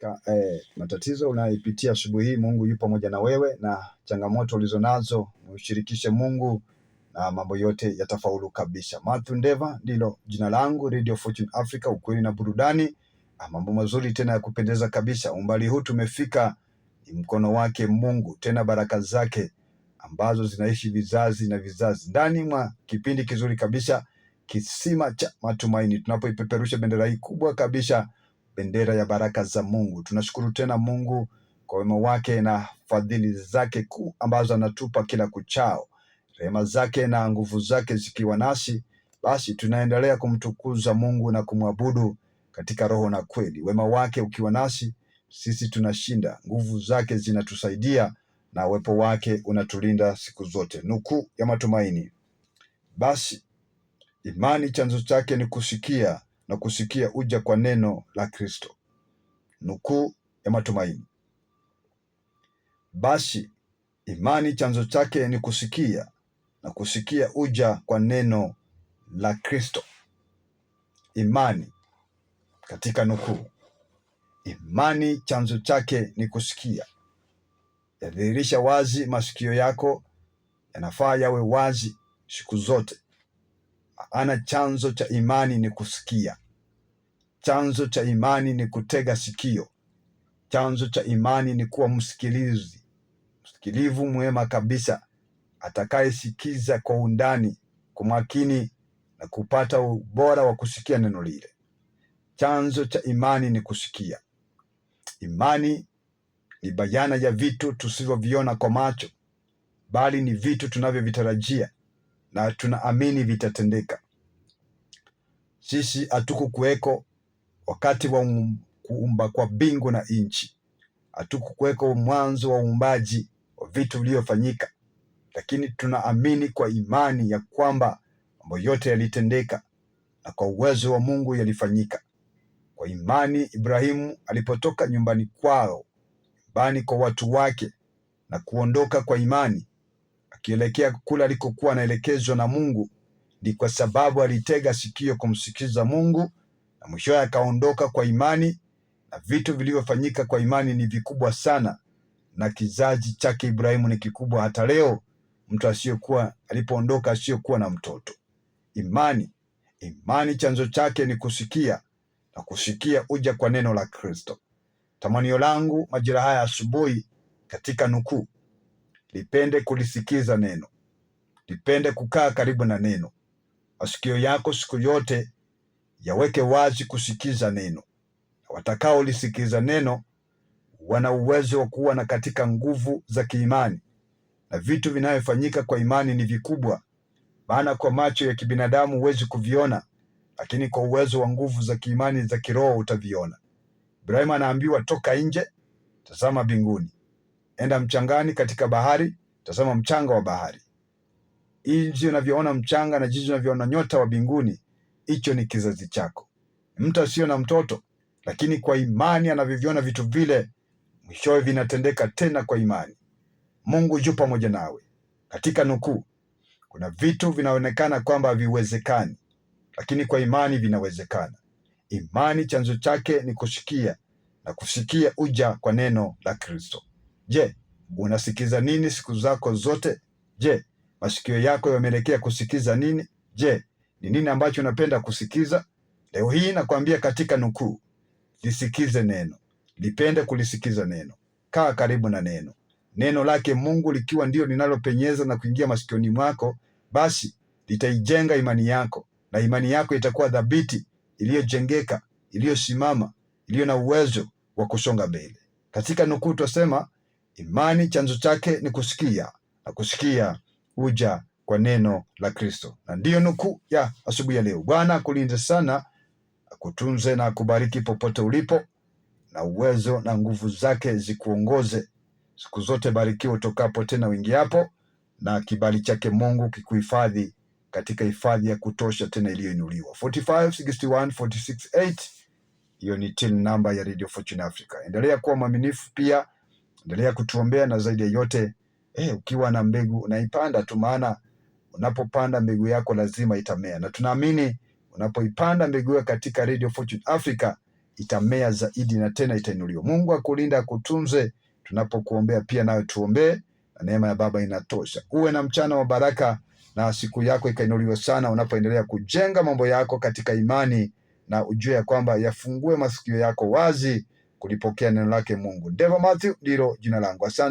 Ka, eh, matatizo unayopitia asubuhi hii, Mungu yupo pamoja na wewe, na changamoto ulizonazo mshirikishe Mungu na mambo yote yatafaulu kabisa. Mathew Ndeva ndilo jina langu, Radio Fortune Africa, ukweli na burudani, ah, mambo mazuri tena ya kupendeza kabisa. Umbali huu tumefika ni mkono wake Mungu, tena baraka zake ambazo zinaishi vizazi na vizazi, ndani mwa kipindi kizuri kabisa, kisima cha matumaini, tunapoipeperusha bendera hii kubwa kabisa bendera ya baraka za Mungu. Tunashukuru tena Mungu kwa wema wake na fadhili zake kuu ambazo anatupa kila kuchao, rehema zake na nguvu zake zikiwa nasi, basi tunaendelea kumtukuza Mungu na kumwabudu katika roho na kweli. Wema wake ukiwa nasi, sisi tunashinda, nguvu zake zinatusaidia na uwepo wake unatulinda siku zote. Nukuu ya matumaini: basi imani chanzo chake ni kusikia na kusikia uja kwa neno la Kristo. Nukuu ya matumaini: basi imani chanzo chake ni kusikia na kusikia uja kwa neno la Kristo. Imani katika nukuu, imani chanzo chake ni kusikia. Yadhihirisha wazi, masikio yako yanafaa yawe wazi siku zote ana chanzo cha imani ni kusikia. Chanzo cha imani ni kutega sikio. Chanzo cha imani ni kuwa msikilizi, msikilivu mwema kabisa, atakayesikiza kwa undani, kwa makini na kupata ubora wa kusikia neno lile. Chanzo cha imani ni kusikia. Imani ni bayana ya vitu tusivyoviona kwa macho, bali ni vitu tunavyovitarajia na tunaamini vitatendeka. Sisi hatukukuweko wakati wa um, kuumba kwa bingu na nchi, hatukukuweko mwanzo wa uumbaji wa vitu vilivyofanyika, lakini tunaamini kwa imani ya kwamba mambo yote yalitendeka na kwa uwezo wa Mungu yalifanyika. Kwa imani Ibrahimu alipotoka nyumbani kwao, nyumbani kwa watu wake na kuondoka kwa imani akielekea kule alikokuwa anaelekezwa na Mungu. Ni kwa sababu alitega sikio kumsikiza Mungu, na mwishowe akaondoka kwa imani, na vitu vilivyofanyika kwa imani ni vikubwa sana, na kizazi chake Ibrahimu ni kikubwa hata leo, mtu asiyokuwa alipoondoka asiyokuwa na mtoto. Imani, imani chanzo chake ni kusikia, na kusikia uja kwa neno la Kristo. Tamanio langu majira haya asubuhi katika nukuu lipende kulisikiza neno, lipende kukaa karibu na neno. Masikio yako siku yote yaweke wazi kusikiza neno, na watakaolisikiza neno wana uwezo wa kuwa na katika nguvu za kiimani, na vitu vinavyofanyika kwa imani ni vikubwa, maana kwa macho ya kibinadamu huwezi kuviona, lakini kwa uwezo wa nguvu za kiimani za kiroho utaviona. Ibrahimu anaambiwa toka nje, tazama binguni enda mchangani katika bahari, tazama mchanga wa bahari. Jinsi unavyoona mchanga na jinsi unavyoona nyota wa binguni hicho ni kizazi chako. Mtu asiyo na mtoto, lakini kwa imani anavyoviona vitu vile, mwishowe vinatendeka tena kwa imani. Mungu yu pamoja nawe. Katika nukuu, kuna vitu vinaonekana kwamba haviwezekani, lakini kwa imani vinawezekana. Imani chanzo chake ni kusikia na kusikia uja kwa neno la Kristo. Je, unasikiza nini siku zako zote? Je, masikio yako yameelekea kusikiza nini? Je, ni nini ambacho unapenda kusikiza? Leo hii nakwambia katika nukuu, lisikize neno, lipende kulisikiza neno, kaa karibu na neno. Neno lake Mungu likiwa ndio linalopenyeza na kuingia masikioni mwako, basi litaijenga imani yako, na imani yako itakuwa thabiti, iliyojengeka, iliyosimama, iliyo na uwezo wa kusonga mbele. Katika nukuu twasema Imani chanzo chake ni kusikia na kusikia huja kwa neno la Kristo. Na ndiyo nukuu ya asubuhi ya leo. Bwana akulinde sana, akutunze na akubariki popote ulipo, na uwezo na nguvu zake zikuongoze siku zote. Barikiwa utokapo tena uingiapo, na kibali chake Mungu kikuhifadhi katika hifadhi ya kutosha tena iliyoinuliwa. 4561468 hiyo ni tin namba ya Radio Fortune Africa. Endelea kuwa mwaminifu pia endelea kutuombea, na zaidi ya yote eh, ukiwa na mbegu unaipanda tu, maana unapopanda mbegu yako lazima itamea, na tunaamini unapoipanda mbegu yako katika Radio Fortune Africa itamea zaidi na tena itainuliwa. Mungu akulinda akutunze, tunapokuombea pia nayo tuombee, na neema ya Baba inatosha. Uwe na mchana wa baraka na siku yako ikainuliwa sana, unapoendelea kujenga mambo yako katika imani, na ujue ya kwamba yafungue masikio yako wazi kulipokea neno lake Mungu. Ndevo Mathew ndilo jina langu. Asante.